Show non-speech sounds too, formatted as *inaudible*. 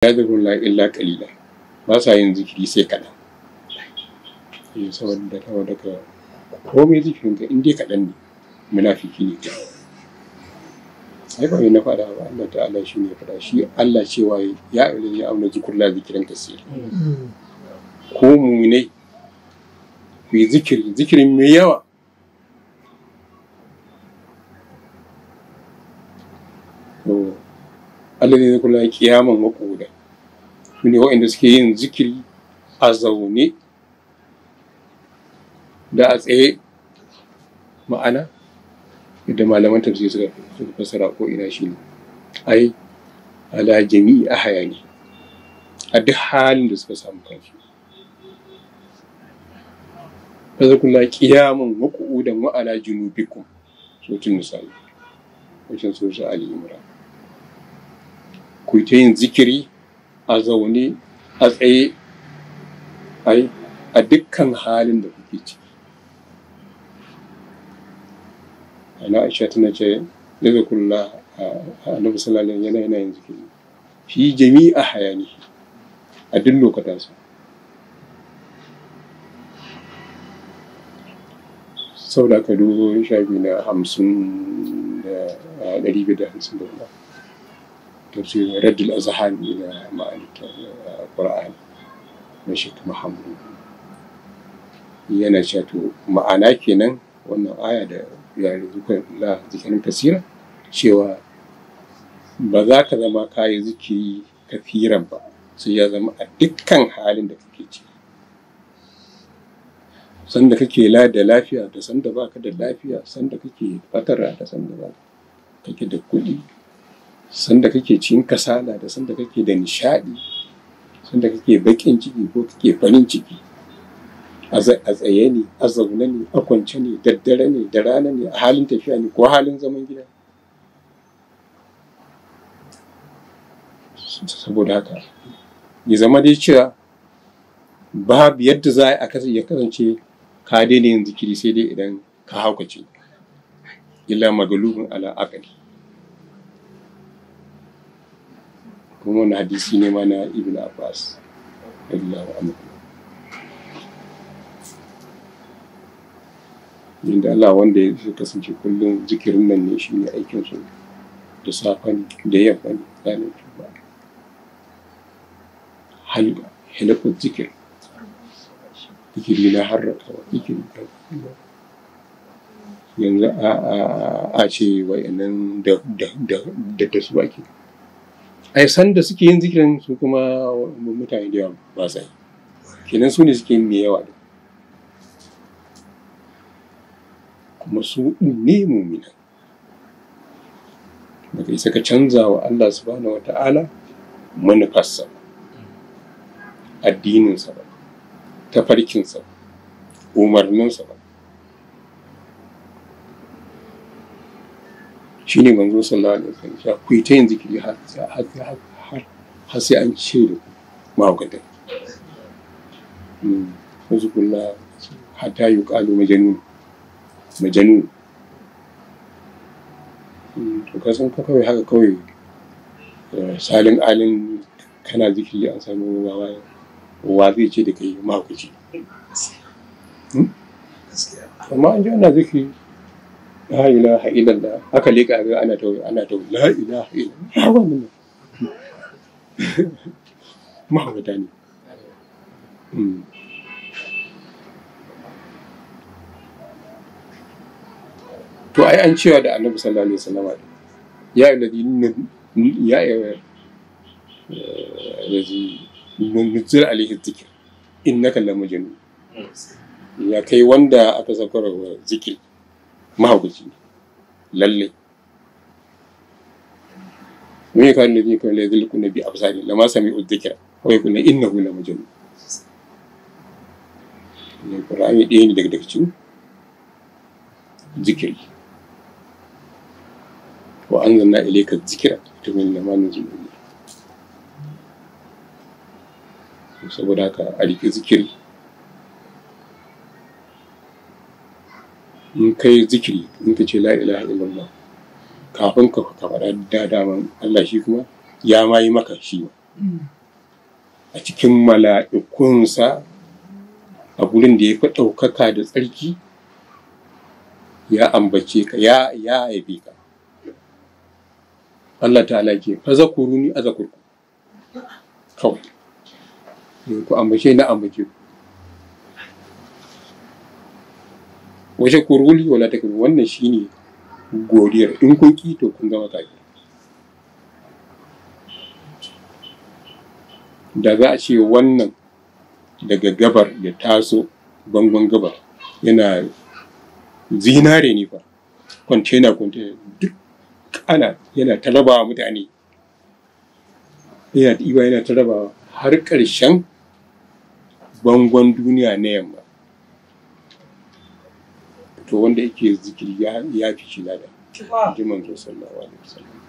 yadirun la illa kalila ba sa yin zikiri sai kaɗan eh, saboda kawo daga komai zikirin ka inda kaɗan ne munafiki ne ka ai ba na faɗa ba Allah ta'ala shi ne faɗa shi Allah cewa ya ilin ya auna zikur la zikirin ka sai ko ne ku yi zikiri zikirin mai yawa alladhi yadhkuru llaha qiyaman wa qu'udan su ne inda suke yin zikiri a zaune da a tsaye ma'ana yadda malaman tafsir suka fassara ko ina shi ne ai ala jami'i a hayani a duk halin da suka samu kansu fazakulla kiyamun waku'udan wa'ala junubikum sautin misali wajen sosai ali imran ku ta yin zikiri a zaune a tsaye a dukkan halin da kuke ci. ana aisha tana ce kulla a annabi sallallahu alaihi yana yin jikin fi jami'a hayani a duk lokacin sau da ka dubo shafi na hamsin da ɗari biyu da hamsin da hudu tafsirin raddul azhan ila ma'ani qur'an na shi muhammad yana cewa ma'ana kenan wannan aya da ya rubuta la zikirin kasira cewa ba za ka zama yi zikiri kafiran ba sai ya zama a dukkan halin da kake ciki sanda kake la da lafiya da sanda baka da lafiya sanda kake fatara da sanda baka kake da kuɗi sanda kake cikin kasala da sanda kake da nishaɗi sanda kake baƙin ciki ko kake farin ciki a tsaye ne a zaune ne a kwance ne daddare ne da rana ne a halin tafiya ne ko halin zaman gida saboda haka ya zama dai cewa babu yadda za a ya kasance ka daina yin zikiri sai dai idan ka haukace illa magalubin ala akali kuma wani hadisi ne mana ibn abbas radiyallahu anhu inda Allah wanda ya kasance kullum zikirin nan ne shi ne aikin su da safan da yamma ne ranar tuba halga halakun zikir zikiri na harraka wa zikiri da yanzu a ce wa'annan da da da da su ai sanda suke yin zikirin su kuma mutane da yawa ba sai yi kenan su ne suke yin yawa da kuma su ne mumina baka isa ka canza wa Allah subhanahu wata'ala manufarsa addininsa ba tafarkinsa ba umarninsa ba shine manzo sallallahu alaihi wasallam ya ku ta yin zikiri har har sai an ce da ku mahaukata hmm. wasu kula hatta yi ƙalu majanun majanun hmm, to ka san ka kawai haka kawai eh, salin alin kana zikiri an samu wawa wa zai ce da kai mahaukaci hmm? amma an ji ana zikiri la ilaha illallah leka ga ana tawo ana tawo la ilaha illallah wannan *laughs* ne hmm. to ai an cewa da annabi sallallahu alaihi wasallam ya ya eh, alaihi innaka ya kai wanda aka saukar wa zikir mahaukaci lalle mi ka bi ka ne zil kuna bi absari lama sami uddika wai kuna innahu la majnun ne qur'ani ɗaya ne daga daga cikin zikiri wa anzalna ilayka min litubayyana ma nuzila saboda haka a riƙe zikiri in kai zikiri in ka ce la ilaha illallah kafin ka faɗa da daman Allah shi kuma ya ma yi maka shi a cikin mala'ikunsa a gurin da ya fi ɗaukaka da tsarki ya ambace ka ya ya haife ka Allah ta'ala ke fa zakuruni azakurku kawai ku ambace na ambace ku waje kuruli wala ta wannan shine godiyar in kun ki to kun zama kafi da za a ce wannan daga gabar ya taso bangon gabar yana zinare ne fa kwantena kwantena duk kana yana talabawa mutane yana ɗiba yana talabawa har ƙarshen bangon duniya na yamma to wanda yake zikiri ya fi shi lada. Ji manzo sallawa alaihi wasallam.